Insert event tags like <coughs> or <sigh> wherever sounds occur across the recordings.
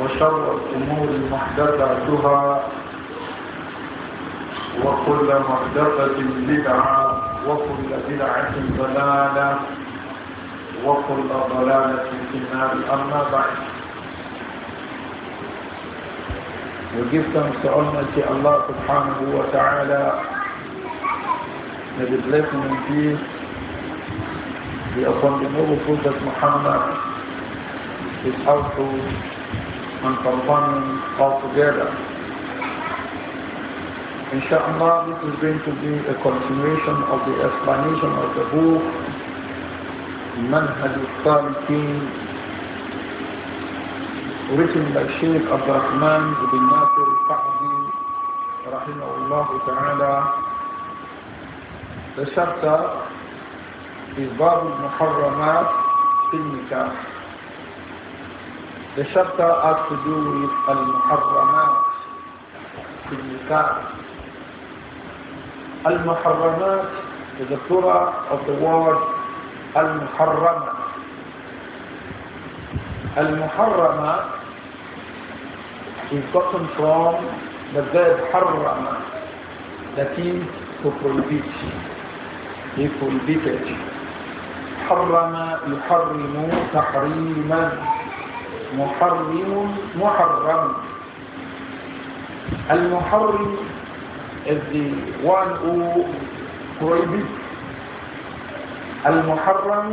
وشر الأمور محدثاتها وكل محدثة بدعة وكل بدعة ضلالة وكل ضلالة في النار أما بعد وجبتم سؤالنا الله سبحانه وتعالى May the من فيه peace be محمد في الحرق من all together. Insha'Allah, this is going to be a continuation of the explanation of the book منهج السالكين written by Sheikh Abdul Rahman Ibn Nasir al-Fahdi رحمه الله تعالى The chapter is Bab muharramat في النكاح The chapter has to do with Al-Muharramat, Al-Muharramat is a plural of the word Al-Muharrama. Al-Muharrama is gotten from the verb Harrama, that means to prohibit. He prohibited. حرم يحرم تحريما محرم محرم المحرم is the one who prohibits المحرم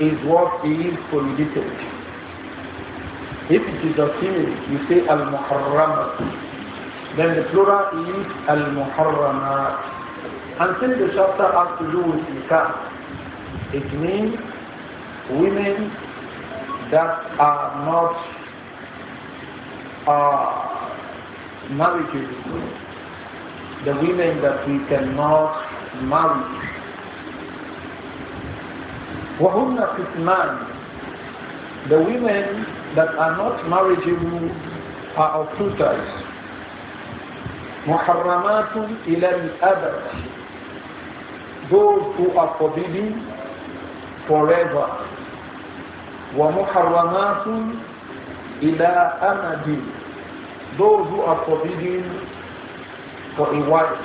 is what is prohibited if it is a female you say المحرمة then the plural is المحرمات until the chapter has to do with nikah it means women that are not uh, marriageable, the women that we cannot marry. وَهُنَّ فِتْنَانِ The women that are not marriageable are of two types. محرمات إلى الأبد those who are forbidden forever ومحرمات إلى أمد those who are forbidden for a wife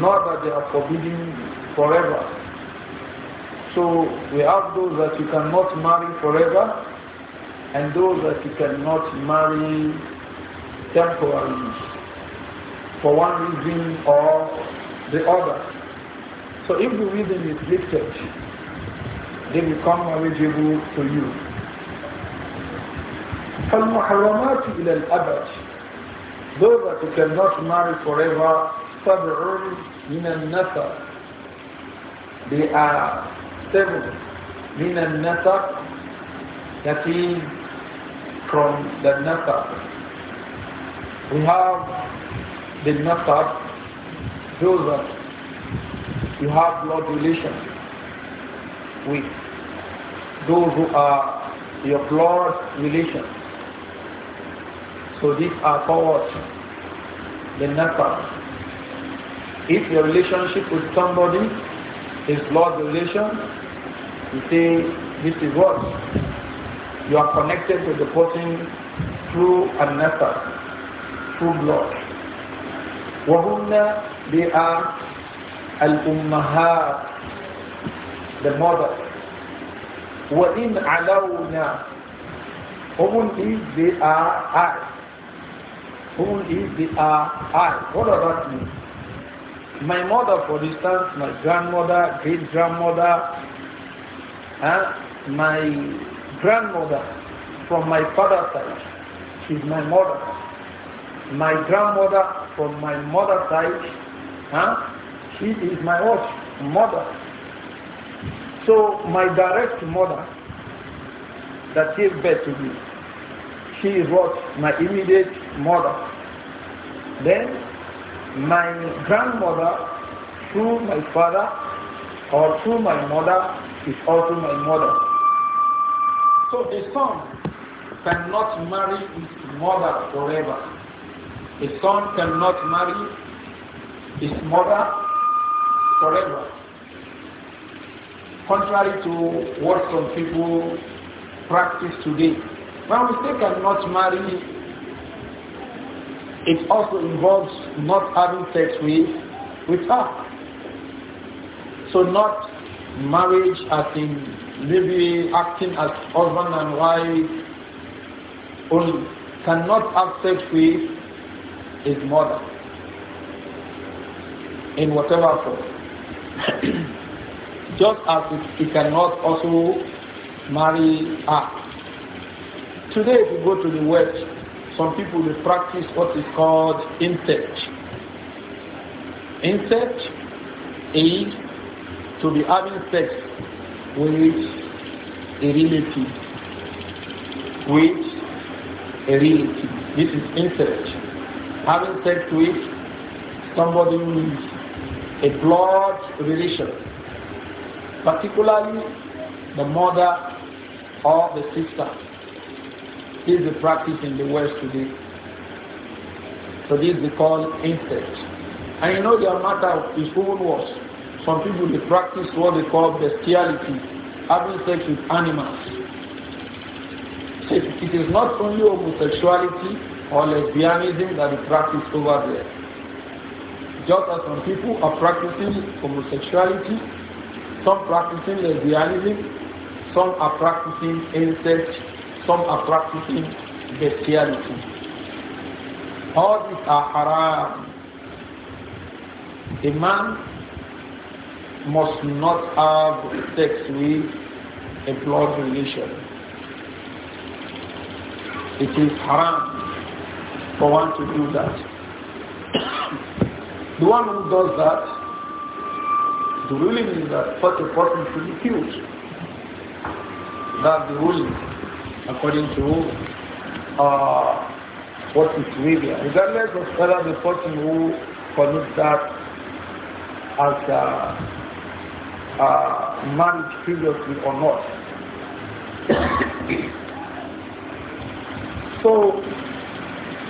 not that they are forbidden forever so we have those that you cannot marry forever and those that you cannot marry temporarily for one reason or the other so if the reason is lifted they become eligible to you. فالمحرمات إلى الأبد Those that you cannot marry forever سبع من النسب They are seven من النسب That is from the nasab. We have the nasab, those that you have blood relations with those who are your blood relations. So these are called the nafas. If your relationship with somebody is blood relation, you say this is what? You are connected to the person through a nafas, through blood. وهن they are al-ummahat, the mothers. Uh, Who is the Even if they are What about me? My mother, for instance, my grandmother, great-grandmother, huh? my grandmother from my father's side, she's my mother. My grandmother from my mother's side, huh? she is my what? mother. So my direct mother that gave birth to me, she is what? My immediate mother. Then my grandmother through my father or through my mother is also my mother. So the son cannot marry his mother forever. The son cannot marry his mother forever contrary to what some people practice today. When we say cannot marry, it also involves not having sex with, with her. So not marriage as in maybe acting as husband and wife only, cannot have sex with his mother in whatever form. <coughs> just as he cannot also marry her. Today, if you go to the West, some people will practice what is called incest. Incest is to be having sex with a relative. With a relative. This is incest. Having sex with somebody who is a blood relation particularly the mother or the sister. This is the practice in the West today. So this is called incest. And you know their matter is even worse. Some people they practice what they call bestiality, having sex with animals. it is not only homosexuality or lesbianism that is practiced over there. Just as some people are practicing homosexuality some practicing lesbianism, some are practicing incest, some are practicing bestiality. All these are haram. A man must not have sex with a blood relation. It is haram for one to do that. <coughs> The one who does that the ruling is that such a person should be killed. That the ruling according to uh, what is media. Regardless of whether the person who commits that has uh, uh, married previously or not. so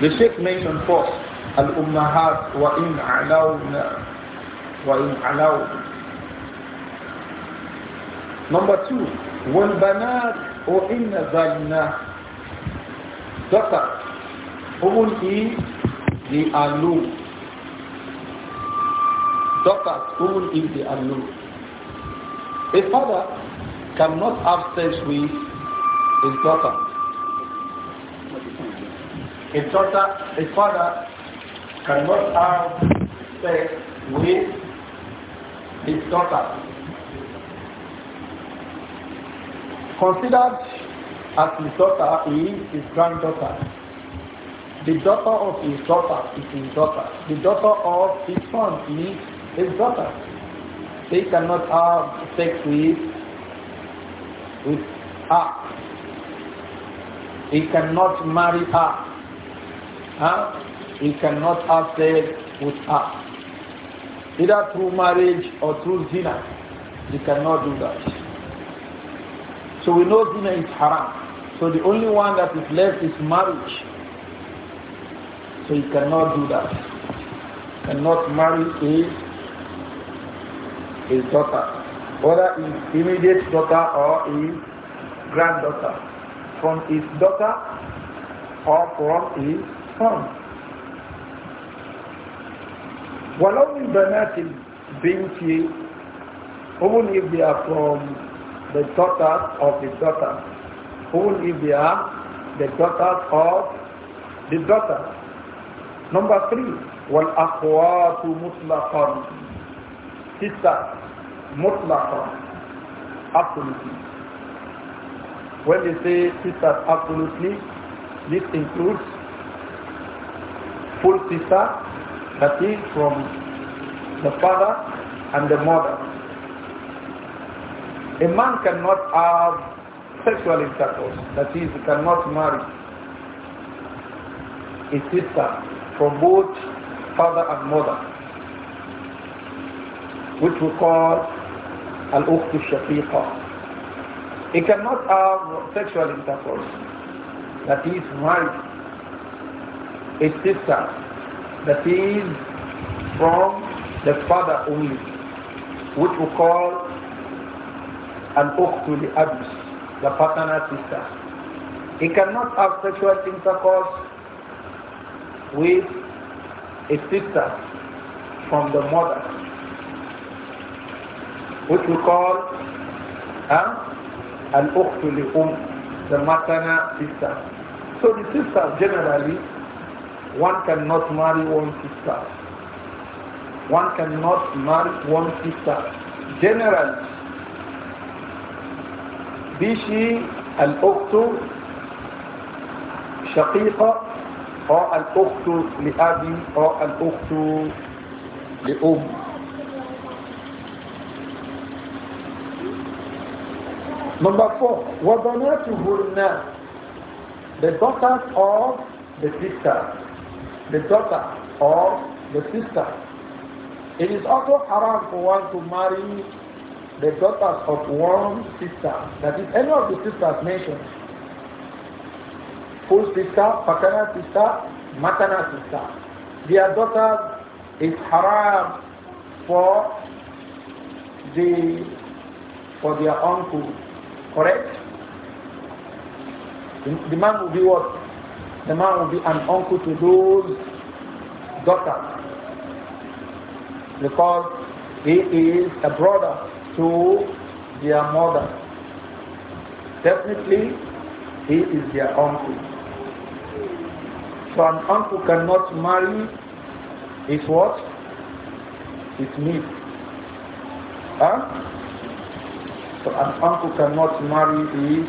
the Sheikh mentioned first, Al-Ummahat wa in alawna wa in alawna Number two, when وَالْبَنَاتْ or in Daughter, even daughter, they in the Daughters, daughter, if in the low. A father cannot have sex with his daughter. A daughter, a father cannot have sex with his daughter considered as his daughter is his granddaughter. The daughter of his daughter is his daughter. The daughter of his son is his daughter. They cannot have sex with, with her. He cannot marry her. Huh? He cannot have sex with her. Either through marriage or through zina. He cannot do that. So we know zina is haram. So the only one that is left is marriage. So you cannot do that. You cannot marry a, his daughter. Whether his immediate daughter or his granddaughter. From his daughter or from his son. ولو من being بنتي even if they are from the daughters of the daughters. Even if they are the daughters of the daughters. Number three, وَالْأَخْوَاتُ mutlaqan Sister, mutlaqan Absolutely. When they say sisters absolutely, this includes full sister, that is from the father and the mother. A man cannot have sexual intercourse, that is, he cannot marry a sister from both father and mother, which we call al-ukht shafiqa. He cannot have sexual intercourse, that is, marry a sister, that is, from the father only, which we call al to the abi the paternal sister. He cannot have sexual intercourse with a sister from the mother, which we call an al to the um the maternal sister. So the sister, generally, one cannot marry one sister. One cannot marry one sister. Generally, بيشي الأخت شقيقة أو الأخت لأبي أو الأخت لأم Number four, وَبَنَاتُهُنَّ The daughters of the sister. The daughter of the sister. It is also haram for one to marry the daughters of one sister. That is, any of the sisters mentioned, full sister, paternal sister, maternal sister, their daughters is haram for the for their uncle, correct? The, the man will be what? The man will be an uncle to those daughters because he is a brother to their mother. Definitely, he is their uncle. So an uncle cannot marry his what? His niece. Huh? So an uncle cannot marry his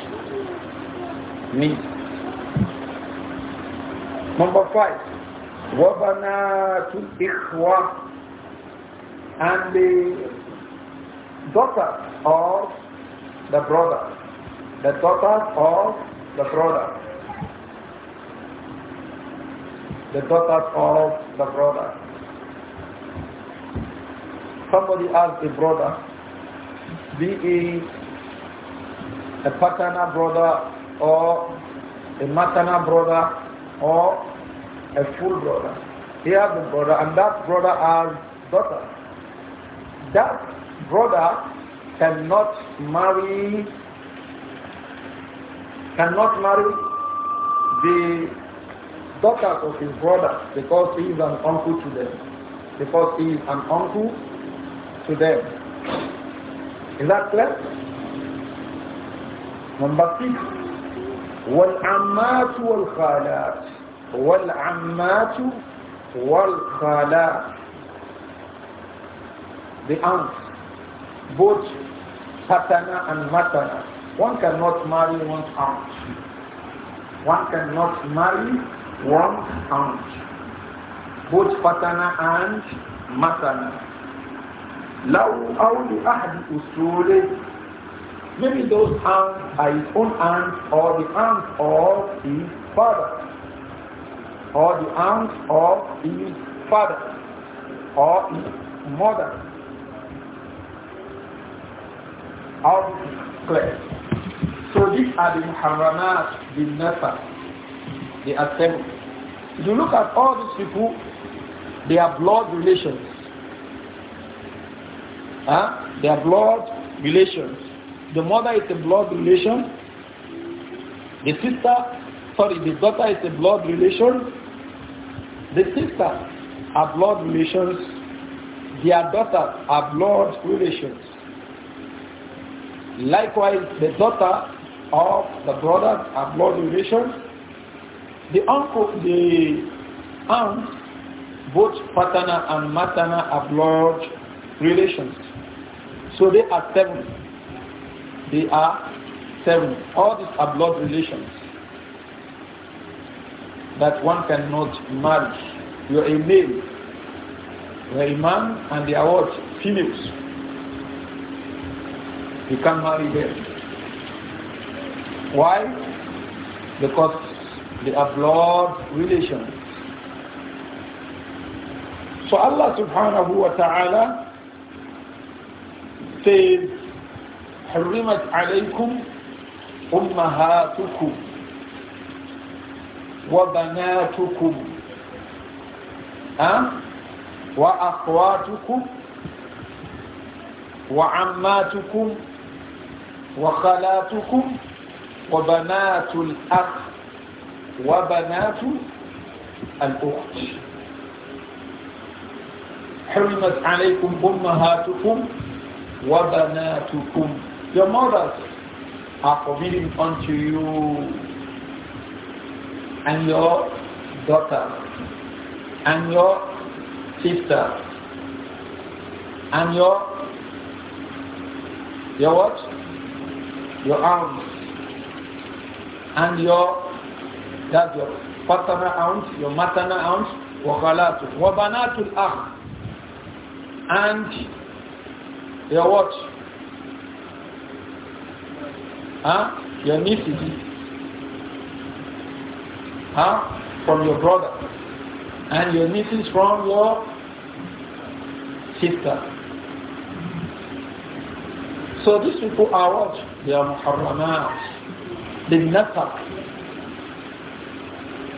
niece. Number five. to الْإِخْوَةِ And the daughter of the brother. The daughter of the brother. The daughter of the brother. Somebody has a brother, be he a paternal brother or a maternal brother or a full brother. He has a brother and that brother has daughter. That brother cannot marry cannot marry the daughters of his brother because he is an uncle to them. Because he is an uncle to them. Is that clear? Number six. والعمات والخالات والعمات والخالات the aunts both paternal and maternal. One cannot marry one's aunt. One cannot marry one's aunt. Both paternal and maternal. لو أو لأحد أصوله Maybe those aunt are his own aunt or the aunt of his father. Or the aunt of his father or his mother. Of clear. So these are the muharramat, the nasa. the are If you look at all these people, they are blood relations. Huh? They are blood relations. The mother is a blood relation. The sister, sorry, the daughter is a blood relation. The sister are blood relations. Their daughters are blood relations. Likewise, the daughter of the brothers are blood relations. The uncle, the aunt, both paternal and maternal are blood relations. So they are seven. They are seven. All these are blood relations that one cannot marry. You are a male, you are a man, and they are what? Females. You can't marry them. Why? Because they are blood relations. So Allah subhanahu wa ta'ala says, حرمت عليكم أمهاتكم وبناتكم وأخواتكم وعماتكم وخلاتكم وبنات الأخ وبنات الأخت حرمت عليكم أمهاتكم وبناتكم Your mothers are forbidden unto you and your daughter and your sister and your your what? your arms and your that your paternal arms, your maternal arms, وخالات وبنات الأخ and your what? Huh? Your nieces huh? from your brother and your nieces from your sister. So these people are what? their muharramat, the nasab,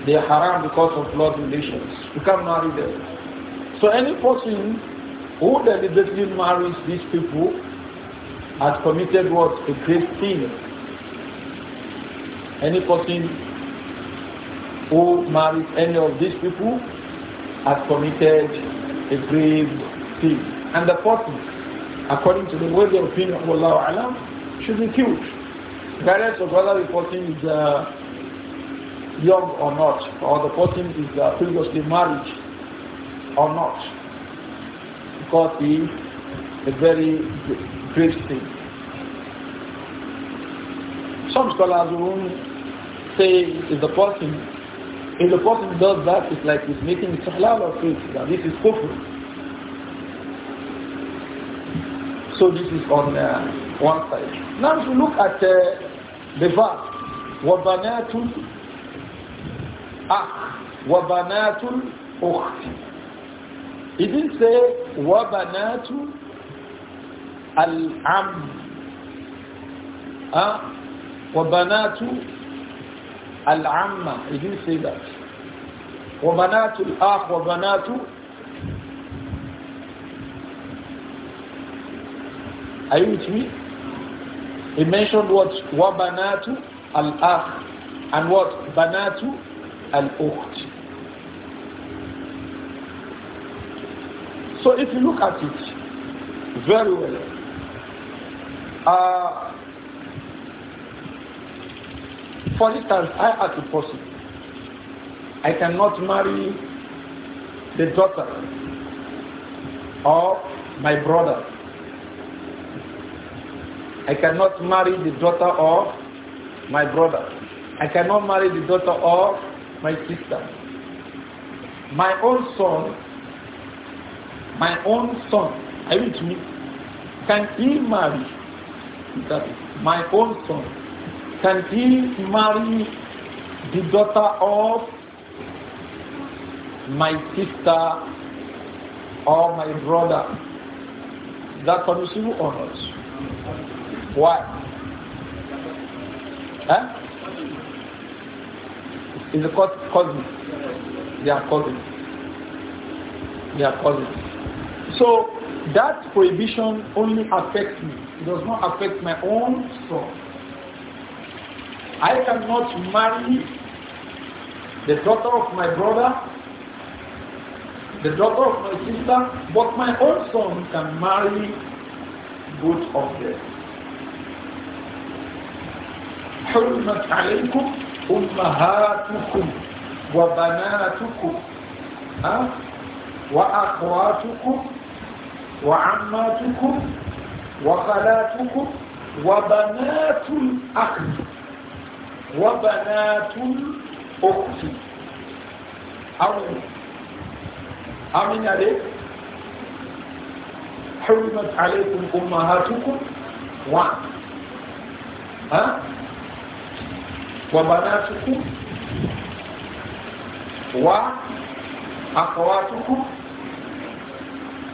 they are haram because of blood relations. You can't marry them. So any person who deliberately marries these people has committed what? A great sin. Any person who marries any of these people has committed a grave sin. And the person, according to the way of opinion of Allah, should be killed. Regardless of whether the person is uh, young or not, or the person is uh, previously married or not. Because he is a very grave thing. Some scholars will say if the person if the person does that it's like he's making it halal or faith that this is kufr. So this is on uh, one side. Now if you look at uh, the verse, وَبَنَاتُ الْأَخْ وَبَنَاتُ الْأُخْتِ It didn't say وَبَنَاتُ الْعَمِّ uh, وَبَنَاتُ الْعَمَّ It didn't say that. وَبَنَاتُ الْأَخْ وَبَنَاتُ Are you with me? He mentioned what? wabanatu al al-akh and what? banatu al al-ukht. So if you look at it very well, uh, for instance, I have a person, I cannot marry the daughter or my brother I cannot marry the daughter of my brother. I cannot marry the daughter of my sister. My own son, my own son, are you with me? Can he marry? That my own son. Can he marry the daughter of my sister or my brother? That permissible or not? Why? Huh? Is the cause cousin? They are cousins. They are cousins. So that prohibition only affects me. It does not affect my own son. I cannot marry the daughter of my brother, the daughter of my sister, but my own son can marry both of them. حرمت عليكم أمهاتكم وبناتكم ها وأخواتكم وعماتكم وخلاتكم وبنات الأخ وبنات الأخت أو أمين عليك حرمت عليكم أمهاتكم و ها وبناتكم وأخواتكم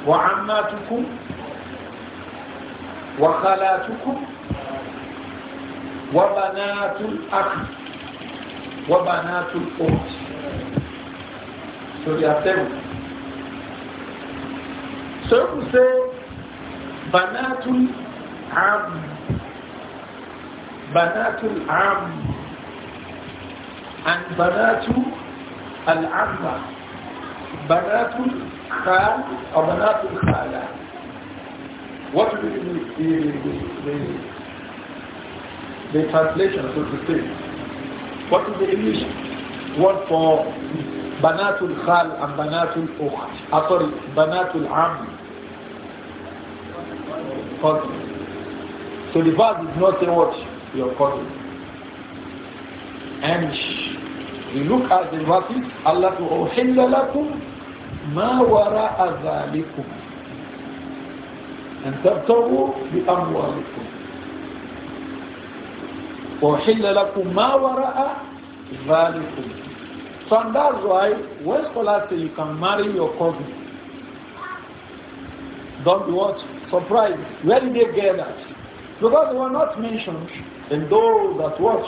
وعماتكم وخالاتكم وبنات الأخ وبنات الأخت So they are seven. say بنات العم بنات العم and Banatu al-Amma. Banatul Khal or Banatul What will be the, translation of the thing. What is the English word for Banatul Khal and Banatul Ukht? Uh, sorry, Banatul Am. So the verse is not saying what your cousin. And you look at the verses, Allah to أُحِلَّ ma وَرَاءَ ذَلِكُمْ أَنْ تَبْتَغُوا بِأَمْوَالِكُمْ وَأُحِلَّ لَكُمْ مَا وَرَاءَ ذَلِكُمْ so and that's why when scholars say you can marry your cousin, don't be what? Surprised. Where did they get that? Because they were not mentioned in those that watch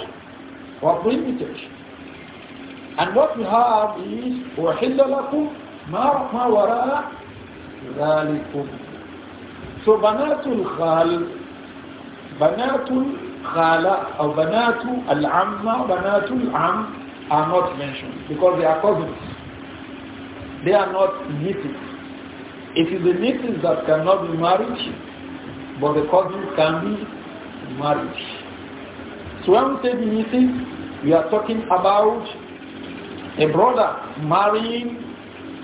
were prohibited. And what we have is وَحِلَّ لَكُمْ مَا وَرَاءَ ذَلِكُمْ So بنات الخال بنات الخالة أو بنات العم, بنات العم are not mentioned because they are cousins. They are not nieces. It is the nieces that cannot be married, but the cousins can be married. So when we say nieces, we are talking about a brother marrying,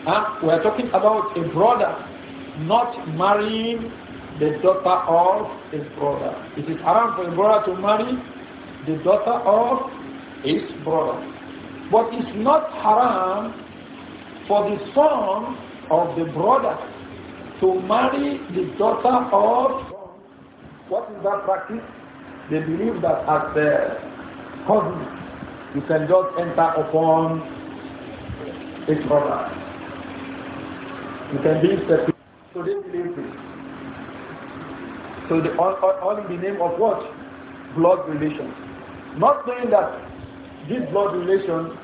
huh? we are talking about a brother not marrying the daughter of his brother. It is haram for a brother to marry the daughter of his brother. But it's not haram for the son of the brother to marry the daughter of what is that practice? They believe that as a cousin, you can just enter upon his brother. You can be separate. So they believe this. So the, all, all in the name of what? Blood relations. Not knowing that this blood relation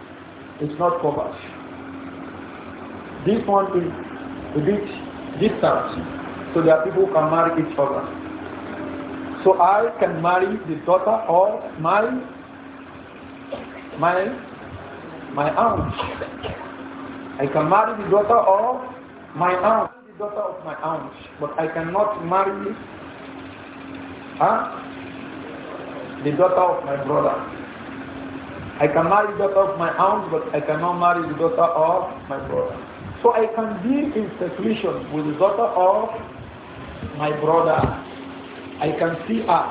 is not covered. This one is a bit distant, so that people can marry each other. So I can marry the daughter or my my my aunt I can marry the daughter of my aunt, the daughter of my aunt, but I cannot marry huh, the daughter of my brother. I can marry the daughter of my aunt, but I cannot marry the daughter of my brother. So I can be in seclusion with the daughter of my brother. I can see her.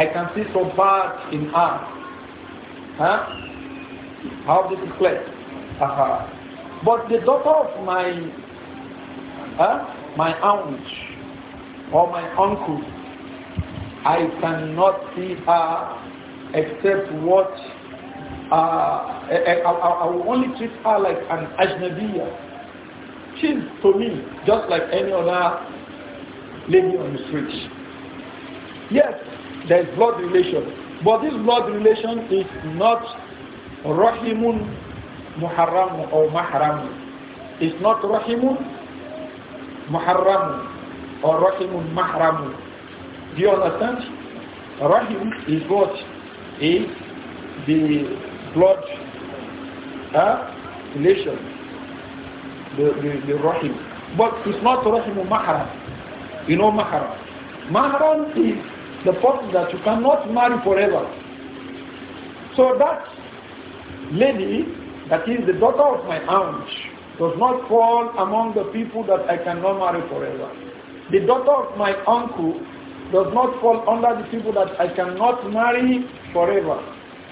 I can see some part in her. Huh? How this is clear? Uh -huh. But the daughter of my uh, my aunt or my uncle, I cannot see her except what uh, I, I, I, will only treat her like an ajnabiya. She's to me just like any other lady on the street. Yes, there is blood relation, but this blood relation is not rahimun muharram or mahram. is not rahimun muharram or rahimun mahram. Do you understand? Rahim is what? Is the blood uh, relation. The, the, the rahim. But it's not rahimun mahram. You know mahram. Mahram is the person that you cannot marry forever. So that lady that is, the daughter of my aunt does not fall among the people that I cannot marry forever. The daughter of my uncle does not fall under the people that I cannot marry forever.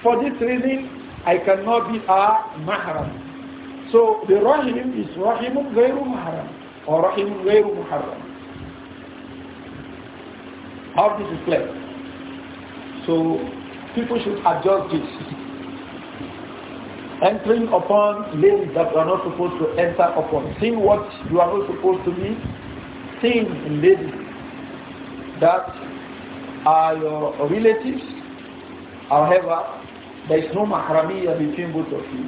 For this reason, I cannot be a mahram. So the rahim is rahimun ghayru mahram or rahimun ghayru muharram. How this is clear? So people should adjust this entering upon lanes that you are not supposed to enter upon, seeing what you are not supposed to be seeing in ladies that are your relatives. However, there is no mahramiya between both of you.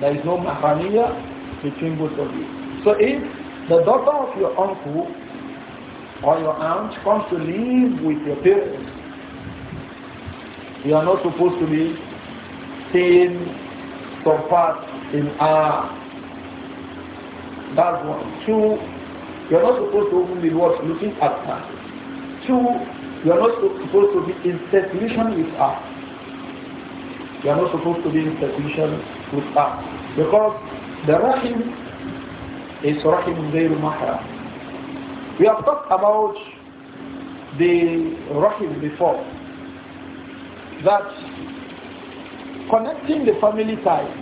There is no mahramiya between both of you. So if the daughter of your uncle or your aunt comes to live with your parents, you are not supposed to be seeing some far, in our that's one. Two, you're not supposed to open the doors looking at her. Two, you're not supposed to be in separation with her. You're not supposed to be in separation with her. Because the Rahim is Rahim Zayr mahra. We have talked about the Rahim before. That Connecting the family ties,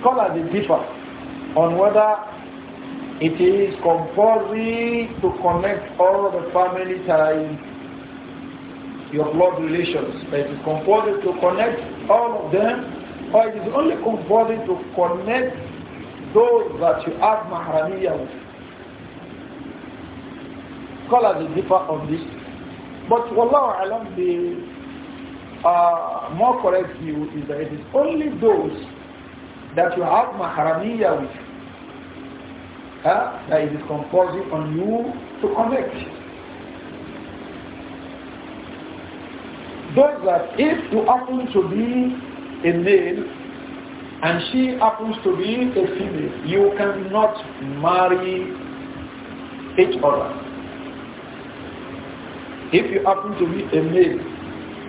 scholars differ on whether it is compulsory to connect all the family ties, your blood relations. It is compulsory to connect all of them, or it is only compulsory to connect those that you have mahramiya with. Scholars differ on this. But Wallahu Alam, the uh, more correct view is that it is only those that you have maharamiya with, uh, that it is composing on you to connect. Those that if you happen to be a male and she happens to be a female, you cannot marry each other. If you happen to be a male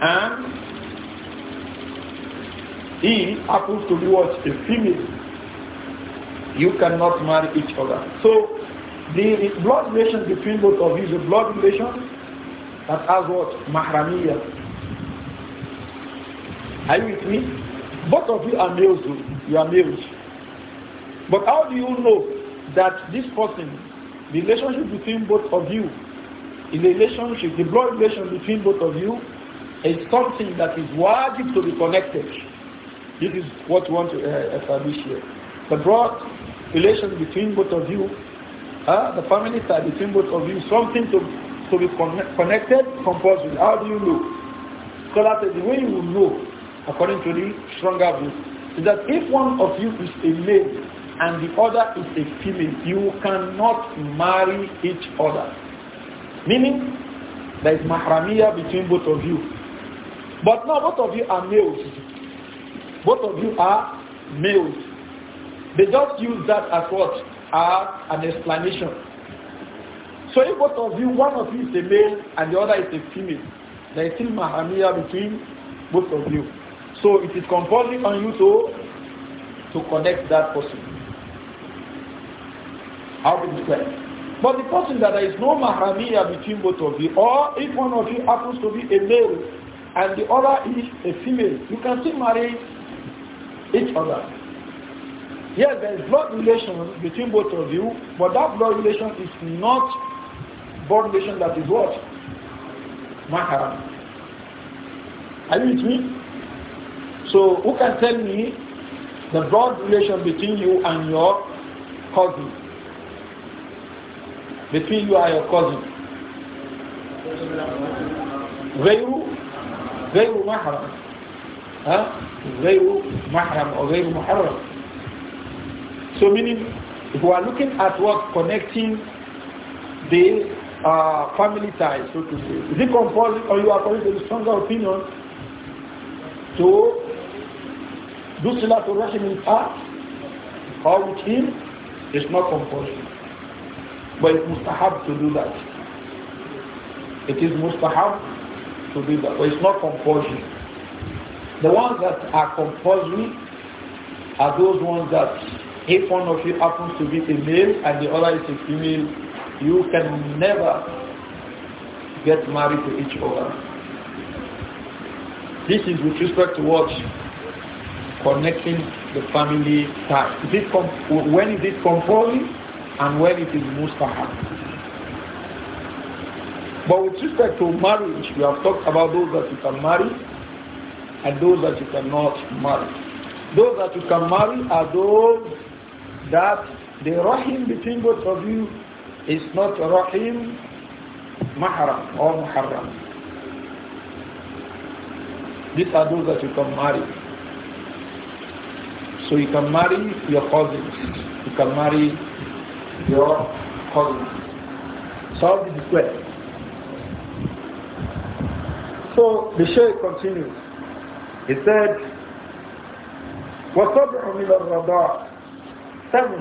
and he happens to be what? A female. You cannot marry each other. So the blood relation between both of you is a blood relation that has what? Mahramiya. Are you with me? Both of you are males. You are males. But how do you know that this person, the relationship between both of you, the relationship, the blood relation between both of you, is something that is worthy to be connected? This is what we want to uh, establish here. The broad relations between both of you, uh, the family tie between both of you, something to, to be connected, connected, compulsory. How do you know? So that the way you will know, according to the stronger view, is that if one of you is a male and the other is a female, you cannot marry each other. Meaning, there is mahramiya between both of you. But now both of you are males. Both of you are males. They just use that as what? As an explanation. So if both of you, one of you is a male and the other is a female, there is still mahamia between both of you. So it is compulsory on you to, to connect that person. How you say? But the person that there is no mahamia between both of you, or if one of you happens to be a male and the other is a female, you can still marry each other. Yes, there is blood relation between both of you, but that blood relation is not blood relation that is what? Mahram. Are you with me? So who can tell me the blood relation between you and your cousin? Between you and your cousin. غير غير محرم huh? غير محرم غير محرم. So meaning, if we are looking at what connecting the uh, family ties, so to say, is it or you are coming to the stronger opinion to do Silatul Rahim in part or with him? It's not compulsory. But it's mustahab to do that. It is mustahab to do that, but it's not compulsory. The ones that are compulsory are those ones that if one of you happens to be a male and the other is a female, you can never get married to each other. This is with respect to what connecting the family ties. when is it compulsory and when it is most mustahab. But with respect to marriage, we have talked about those that you can marry and those that you cannot marry. Those that you can marry are those that the rahim between both of you is not rahim mahram or muharram. These are those that you can marry. So you can marry your cousins. You can marry your cousins. Solve the request. So the Shaykh continues. He said, وَسَبْعُ مِنَ الرَّضَاءِ Seven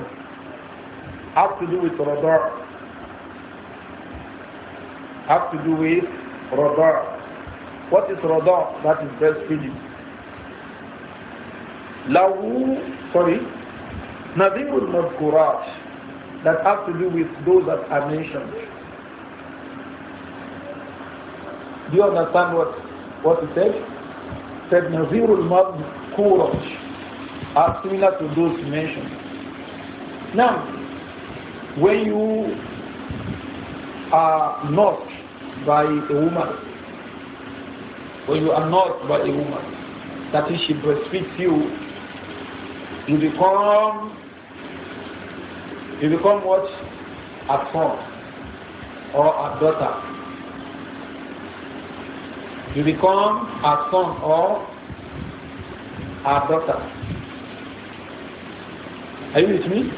have to do with radar. Have to do with radar. What is radar? That is breastfeeding. Lahu, sorry, Nadimul Madkurat that have to do with those that are mentioned. Do you understand what, what he said? said Nazirul Mabkuraj are similar to those mentioned. Now, when you are not by a woman, when you are not by a woman, that is she breastfeeds you, you become you become what? A son or a daughter you become a son or a daughter. Are you with me?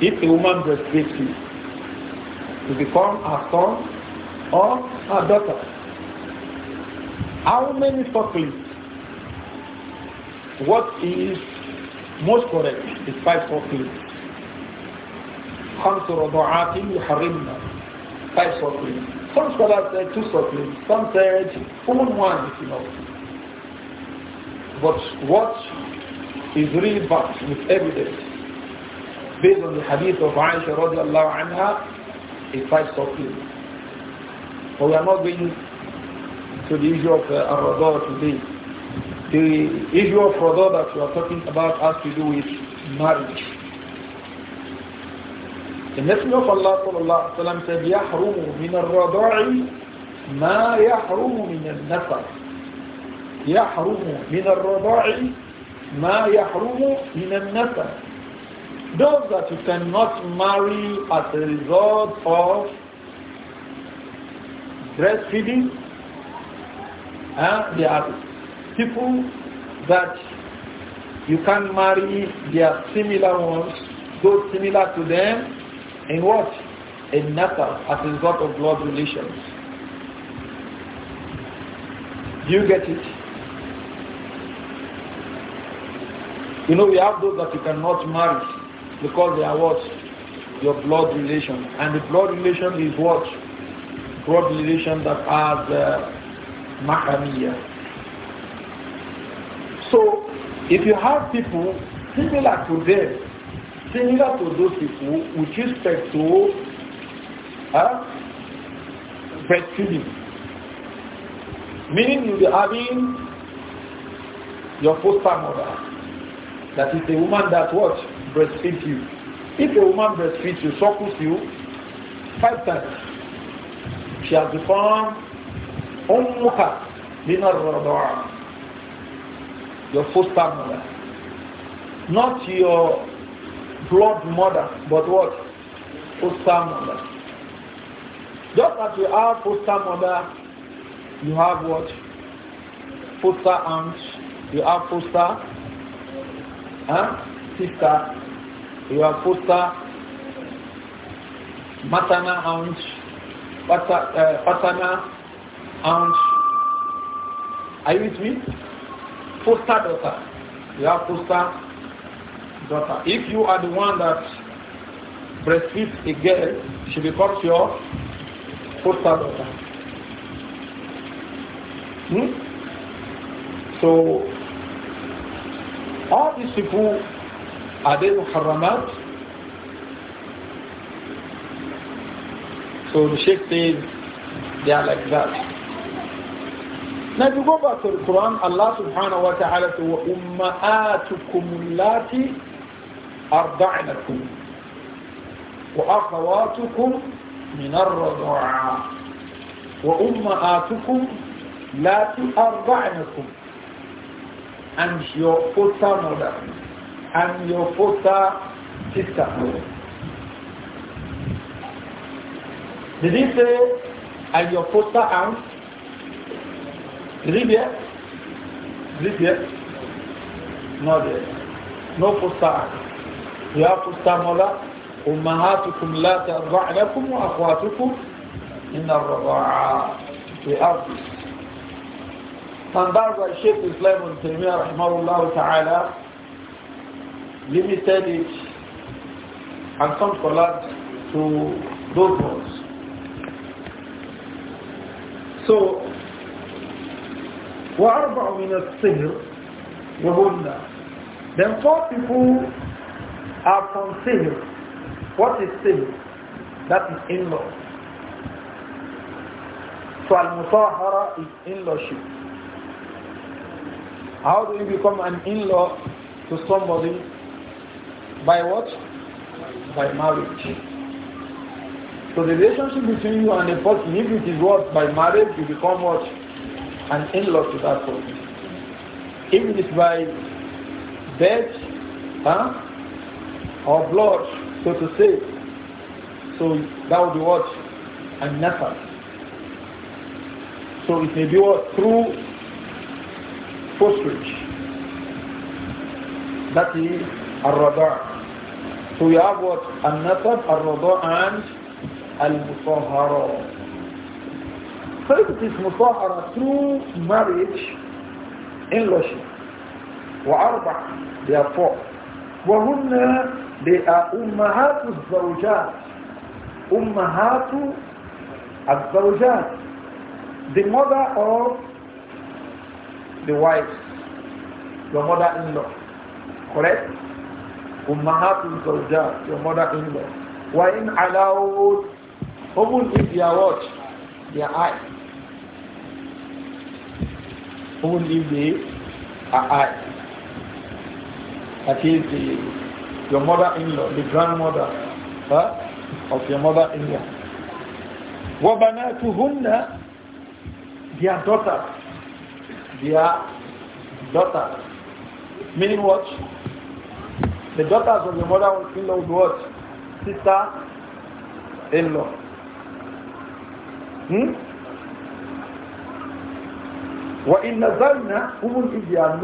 If a woman breastfeeds you, you become a son or a daughter. How many properly? What is most correct is five properly. خمس رضعات يحرمنا five properly. Some scholars said two surplus, some said only one is enough. But what is really backed with evidence based on the hadith of Aisha radiallahu anha is five surplus. But we are not going to the issue of uh, Ar-Radha today. The issue of Radha that we are talking about has to do with marriage. The Messenger of Allah sallallahu alaihi wasallam said, يحرم من الرضاع ما يحرم من النفر. يحرم من الرضاع ما يحرم من النفر. Those that you cannot marry as a result of breastfeeding, and they are people that you can marry, they are similar ones, those similar to them, in what? In Nata, as a result of blood relations. You get it? You know, we have those that you cannot marry because they are what? Your blood relation. And the blood relation is what? Blood relation that has uh, So, if you have people similar to them, similar to those people with respect to huh, breastfeeding. Meaning you'll be having your foster mother. That is the woman that what? Breastfeeds you. If a woman breastfeeds you, suckles you five times, she has become ummuka dinar your foster mother. Not your blood mother, but what? Foster mother. Just as you have foster mother, you have what? Foster aunt, you have foster huh? sister, you have foster maternal aunt, eh, paternal aunt. Are you with me? Foster daughter, you have foster daughter. If you are the one that breastfeeds a girl, she becomes your foster daughter. Hmm? So, all these people, are they muharramat? So the Sheikh says they are like that. Now if you go back to the Quran, Allah subhanahu wa ta'ala says, وَأُمَّآتُكُمُ اللَّاتِ أرضعنكم وأخواتكم من الرضع وأمهاتكم لا تأرضعنكم أن يوفوتا مولا أن يوفوتا تسا لذلك أن يوفوتا أن ريبيا ريبيا نوفوتا أن يا تستعمل أمهاتكم لا ترضع لكم وأخواتكم إن الرضاعة في أرض فانبعض الشيخ الإسلام التيمية رحمه الله تعالى limited it and some collapse to those ones. So, وأربع من الصهر وهن Then four people are from sin. What is sin? That is in-law. So al-mutahara is in-lawship. How do you become an in-law to somebody? By what? By marriage. So the relationship between you and a person, if it is what? By marriage, you become what? An in-law to that person. If it is by death, huh? or blood, so to say. So that would be what? And nafas. So it may be what? Through postage. That is So we have what? Al-nasab, al and al-mutahara. So it is mutahara through marriage, in lordship. وأربع therefore وهن they are ummahatu zawjat. Ummahatu zawjat. The mother of the wife. Your mother-in-law. Correct? Ummahatu zawjat. Your mother-in-law. Wa in allowed. Even if they are what? They are if they are That is the your mother-in-law, the grandmother huh, of your mother-in-law. وَبَنَاتُهُنَّ Their daughters. Their daughters. Meaning what? The daughters of your mother-in-law would what? Sister-in-law. Hmm? وإن نزلنا هم الإجيال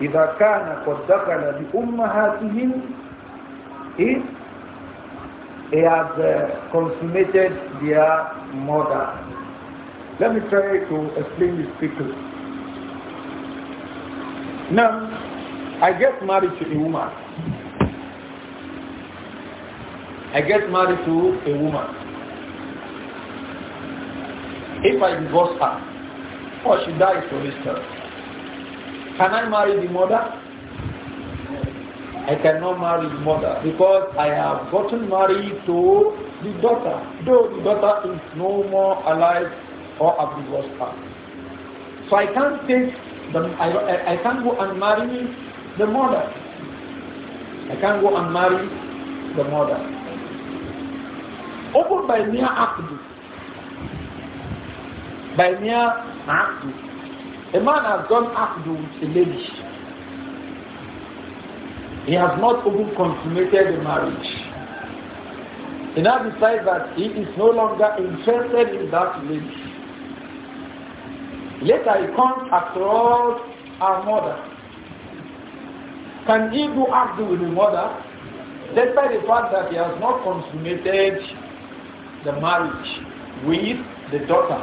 إذا كان قد دخل بأمهاتهم if he has uh, consummated their murder. Let me try to explain this quickly. Now, I get married to a woman. I get married to a woman. If I divorce her, or she dies for instance, can I marry the mother? I cannot marry mother because I have gotten married to the daughter. Though the daughter is no more alive or a divorced her. So I can't take the, I, I, can't go and marry the mother. I can't go and marry the mother. Open by mere act, By mere act, A man has done act with a lady. He has not even consummated the marriage. He now decides that he is no longer interested in that lady. Later he comes across our mother. Can he do acting with the mother? Despite the fact that he has not consummated the marriage with the daughter?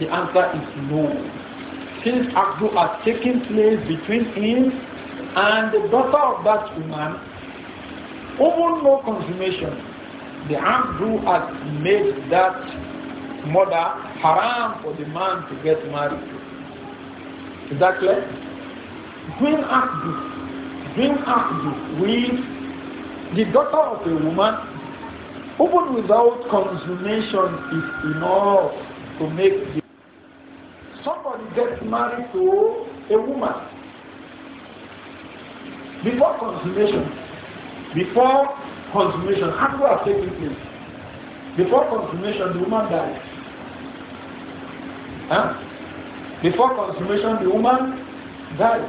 The answer is no. Since Abdu has taken place between him and the daughter of that woman, even no consummation, the aunt who had made that mother haram for the man to get married. Is that clear? Doing akdu, doing akdu with the daughter of a woman, even without consummation, is enough to make the somebody gets married to a woman. Before consummation, before consummation, how anger has taken place. Before consummation, the woman dies. Huh? Before consummation, the woman dies.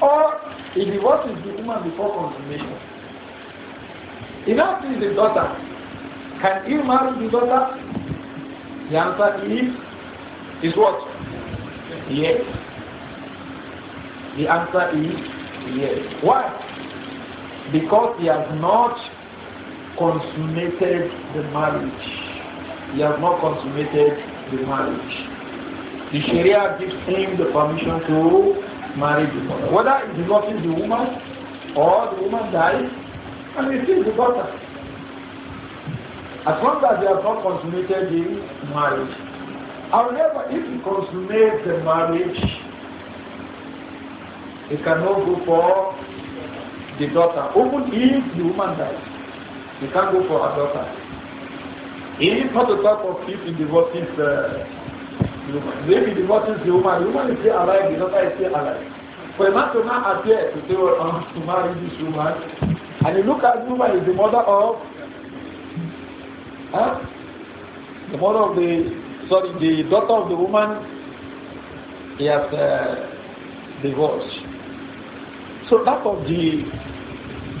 Or if it was the woman before consummation. In that case, the daughter, can he marry the daughter? The answer is, is what? Yes. The answer is years. Why? Because he has not consummated the marriage. He has not consummated the marriage. The Sharia gives him the permission to marry the mother. Whether he divorces the woman or the woman dies and he still the daughter. As long as they have not consummated the marriage. However, if he consummates the marriage, he cannot go for the daughter, even if the woman dies. You can't go for her daughter. Even not to talk of if in divorces uh, the woman. Maybe the woman, the woman is still alive, the daughter is still alive. For a man to now appear to say, oh, well, to marry this woman, and you look at the woman is the mother of, huh? the mother of the, sorry, the daughter of the woman, he has uh, divorced. So that of the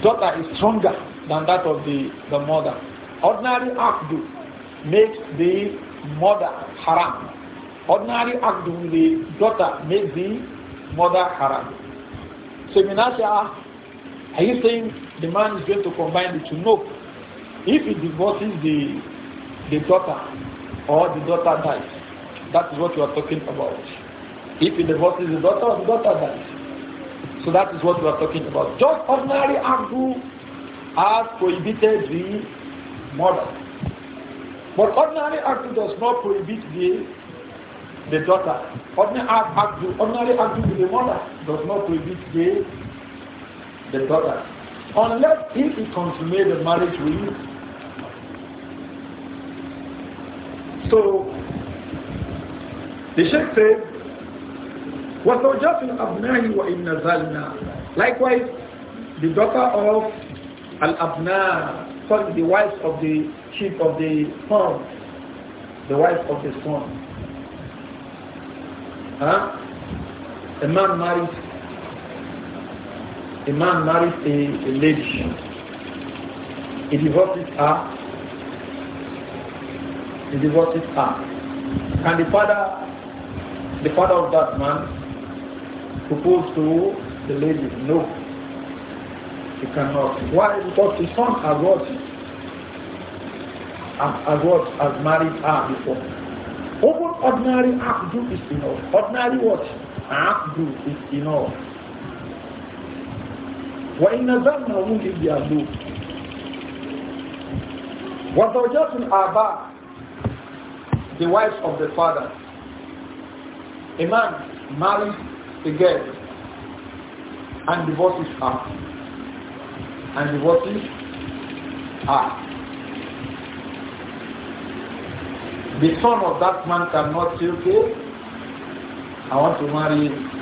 daughter is stronger than that of the, the mother. Ordinary akdu makes the mother haram. Ordinary akdu with the daughter makes the mother haram. So are you saying the man is going to combine the two? No. If he divorces the, the daughter or the daughter dies, that is what you are talking about. If he divorces the daughter, the daughter dies. So that is what we are talking about. Just ordinary Abdu has prohibited the mother, But ordinary Abdu does not prohibit the the daughter. Ordinary Abdu, ordinary Abdu with the mother does not prohibit the the daughter. Unless if he consummate the marriage with so the Sheikh said وَزَوْجَاتُ الْأَبْنَاءِ وَإِنْ نَزَلْنَا Likewise, the daughter of Al-Abna, sorry, the wife of the chief of the son, the wife of the son. Huh? A man marries a man marries a, a lady. He divorces her. He divorces her. And the father the father of that man propose to the lady. No, you cannot. Why? Because the son has what? Has what? Has married her before. Even ordinary do is enough. Ordinary what? do is enough. وإن ظنه يبيعوه وزوجات الآباء the wives of the father a man married a girl and divorces her. And divorces her. The son of that man cannot say, okay, I want to marry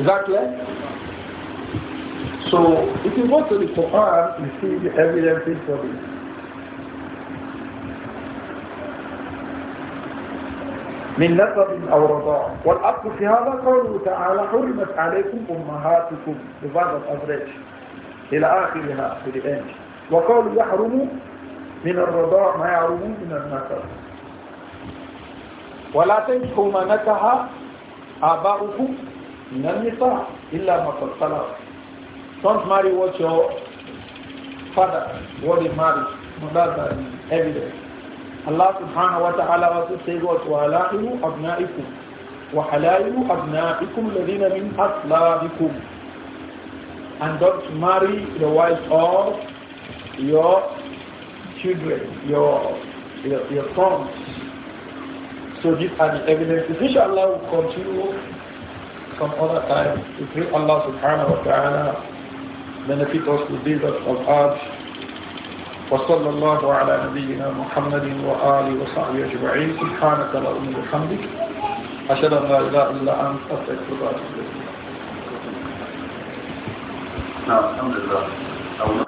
Is that clear? So if you go to the Quran, you see the evidence for this. من نسب أو رضاع والأصل في هذا قوله تعالى حرمت عليكم أمهاتكم ببعض الأزواج إلى آخرها في الآن وقالوا يحرم من الرضاع ما يحرم من النسب ولا تنكحوا ما نكح آباؤكم من النساء إلا ما قد سلف Don't marry what your father, what he married. That's uh, evidence. Allah subhanahu wa ta'ala also أَبْنَائِكُمْ وَحَلَائِهُ أَبْنَائِكُمْ الَّذِينَ مِنْ أَصْلَابِكُمْ And don't marry the wife of your children, your, your, your sons. So these are the evidences. Inshallah will continue some other time. to pray Allah subhanahu wa ta'ala benefit us with this of us. وصلى الله على نبينا محمد وآله وصحبه أجمعين سبحانك اللهم وبحمدك أشهد أن لا إله إلا أنت أستغفرك وأتوب إليك. نعم الحمد لله.